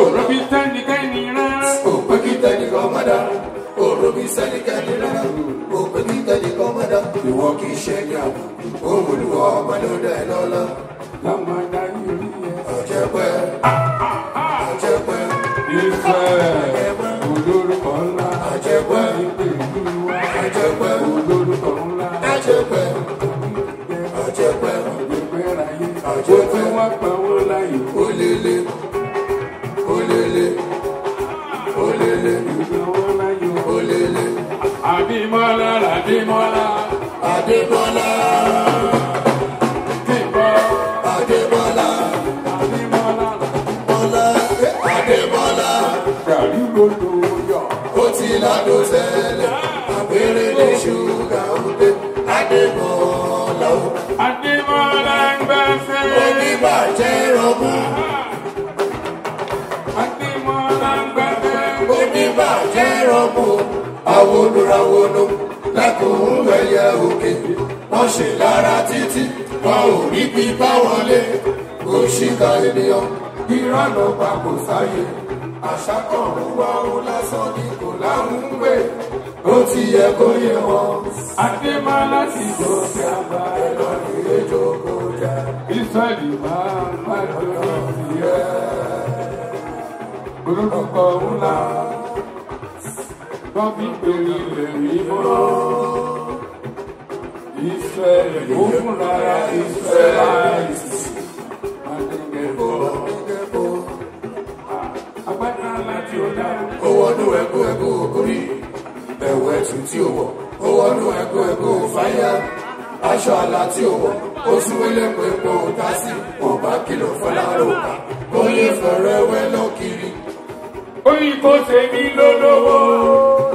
Òròbí sẹ́nikẹ́ni rárá. Òpèkì tẹ́nìkan má dá. Òròbí sẹ́nikẹ́ni rárá. Òpèkì tẹ́nìkan má dá. Ìwọ kì í ṣe ní àbò. Òmùlùwọ̀ ọmọ ló dá ẹ lọ́lá. Láwọn adarí orí ẹ. Ọ̀jẹ̀ pẹ́. Ah, ah, ah. Ọ̀jẹ̀ pẹ́. Ìfẹ́ olórúkọ ńlá. Ọ̀jẹ̀ pẹ́. Ìpè ìlú wa. Ọ̀jẹ̀ pẹ́. Olórúkọ ńlá. Ọ̀jẹ̀ pẹ́. Ọ̀jẹ̀ pẹ́. Ìgbẹ́ Adébọ́lá Adébọ́lá. Adébọ́lá Adébọ́lá Adébọ́lá. Ṣàrígbòdo yọ. Ó ti ládò sẹ́lẹ̀, àbẹ̀rẹ̀ lè ṣúgà òde. Adébọ́lá o. Adébọ́lá ń gbẹ́fẹ́. Oníbàjẹ́ rọ̀bù. Adébọ́lá ń gbẹ́fẹ́. Oníbàjẹ́ rọ̀bù. Àwọn olùràwọ̀ ló ń tòun wẹ̀yẹ òkè wọ́n ṣe lára títí wọn ò rí pípa wọlé òṣìkà ènìyàn ìrànà papò sáyé àṣàkọ̀rọ̀ wa ò lásán ni kò láwọn ń wé ó ti yẹ kó yé wọn. adé láti gòkè àgbà ẹ lọ ní ètò kọjá. ìsọ̀lì máa ń bá jọ sí olùdókòwò ńlá bá fi pèrè ìrèrí mọ́. Ìfẹ́ ló fúnra ìfẹ́ láìsí. Adẹ́gẹ̀bọ̀. Agbádá láti ọ̀dà. Ó wọnú ẹ̀kọ́ ẹ̀kọ́ òkúrí. Ẹ̀wẹ̀ tù tí ó wọ̀. Ó wọnú ẹ̀kọ́ ẹ̀kọ́ fáyà. Aṣọ àlá tí ó wọ̀. Ó tún wọlé pé kò dá sí. Ọba kìlọ̀ fọlá ló kà. Oyin fẹ̀rẹ̀ wẹ́ lọ́kiri. Oyin kò ṣe mí lólówó.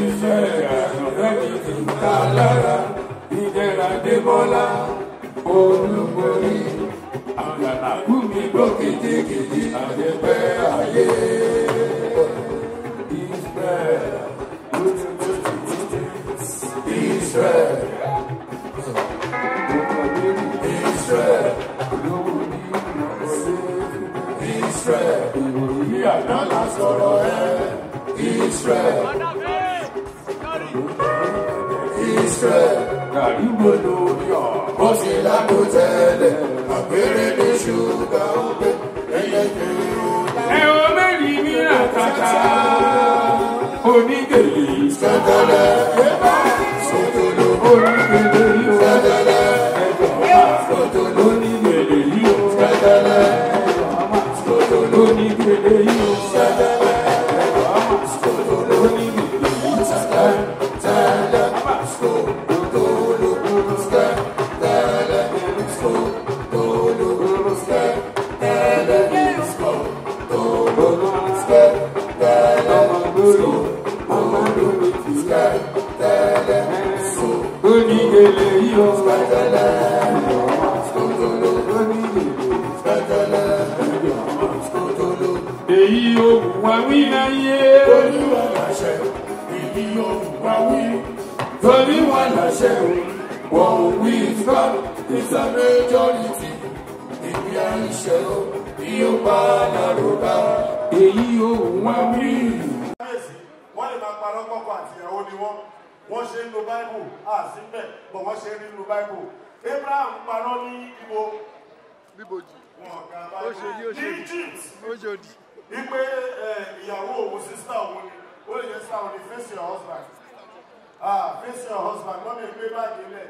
iṣẹ́ àyànfẹ́ mi ti ń ta lára ìdẹ̀ra débọ́lá olúborí àgàlàkú mi gbọ́ kìtìkìtì àdẹ́pẹ́ ayé. Israel, Israel, Israel, Israel, ìròyìn àdá la sọ̀rọ̀ ẹ̀, Israel. Israel gàdúgbòdò yọ̀ wọ́n sì lágbo tẹ́lẹ̀ àpẹẹrẹ ní ṣúgà òbẹ ẹyẹ kiri ó. ẹ o mẹ́rin ní àtàtà onígbèlè. sẹ́tẹ̀lẹ̀ ẹ̀bá sọ̀tò ló onígbèlè yìí. sẹ́tẹ̀lẹ̀ ẹ̀bá sọ̀tò ló onígbèlè yìí. sẹ́tẹ̀lẹ̀ ẹ̀bá sọ̀tò ló onígbèlè yìí. èyí ohun wa wí láyé. torí wọn láṣẹ èyí ohun wa wí. torí wọn láṣẹ wọn ò wí ìfá ìsàmẹjọrìtì ìwé àìṣẹ yóò bá nàrúbá. èyí ohun wa wí. wọ́n lè máa parọ́ kọ́kọ́ àtìyàwó ni wọ́n wọ́n ṣe ń lo báìbù àsìmẹ̀ bọ̀ wọ́n ṣe ń lo báìbù Abraham parọ́ ní ibo bíbojì ó ṣe ní Egypt wípé ìyàwó òun sísá òun ni ó lè yẹ sísá òun ni face your husband ah face your husband lọ́nà ìgbé báàgì lẹ̀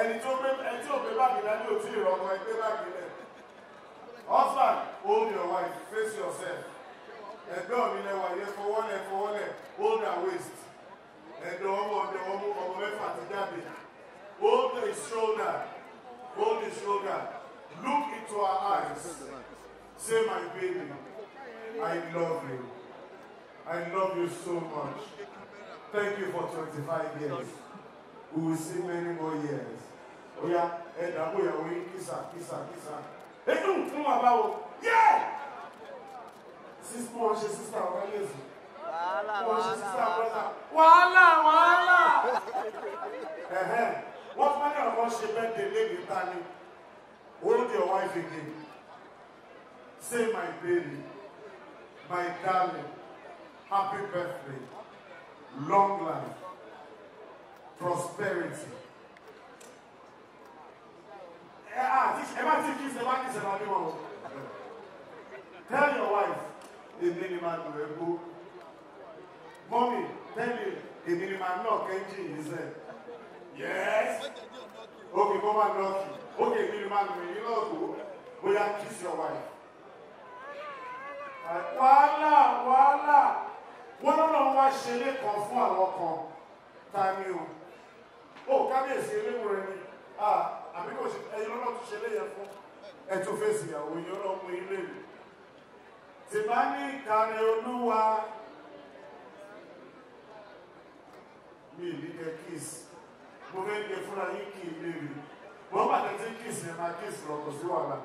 ẹni tó gbé ẹni tí ò gbé báàgì lẹ̀ ní òtún ìrọ̀kọ̀ ìgbé báàgì lẹ̀ husband hold your wife face yourself ẹgbẹ́ òní lẹ́wà yẹ fọwọ́lẹ̀ fọwọ́lẹ̀ hold her waist ẹ̀dọ̀ ọmọ ọ̀dọ̀ ọmọ ọmọ mẹ́fà ti jáde hold his shoulder hold his shoulder look into her eyes say my baby I love you I love you so much thank you for 25 years we will see many more years oya ẹ̀dá bóyá oyin kìsà kìsà kìsà ẹ̀dùn fún wa báwo yẹ́ sísú wọn ṣe sísá wọn lẹ́sùn. Wala. wàhálà wọ́n fún ní àwọn ṣe bẹ́ẹ̀ délé ní tani hold your wife again say my baby my darling happy birthday long life prosperity. ẹ ah, má ti kí ṣe má tell your wife èmi ni màá lò mọ́mì tẹ́lẹ̀ èmi ni màá nọ̀ kẹ́ńjì yìí sẹ́ yẹ́s ókè kó máa nọ́ọ̀kì ókè èmi ni màá nù yín lọ́ọ̀kù bóyá kiss your wife. Voila, voila. One of them lọ́nà wá ṣeré kan fún àwọn kan ta ni o ó kábíyèsí eléwò rẹ ni àmì kò ṣe ẹyin lọ́nà tó ṣe léyẹ fún ẹ tó fèsì ìyàwó yìí ọlọ́mú You mi tìbá ní ìkànnì olúwa. mi ní kẹ kiss mo fẹ́ gbé fúnra yín kì í léèrè mo bá tẹ̀ sí kiss ẹ̀ máa kiss lọ́kọ̀ sí wàhálà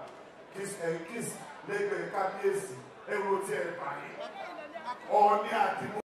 kiss ẹ̀ kiss lẹ́gbẹ̀ẹ́ kábíyèsí ẹ̀ wo tí ẹ̀ bá yẹ ọ̀ọ́ni àti mú.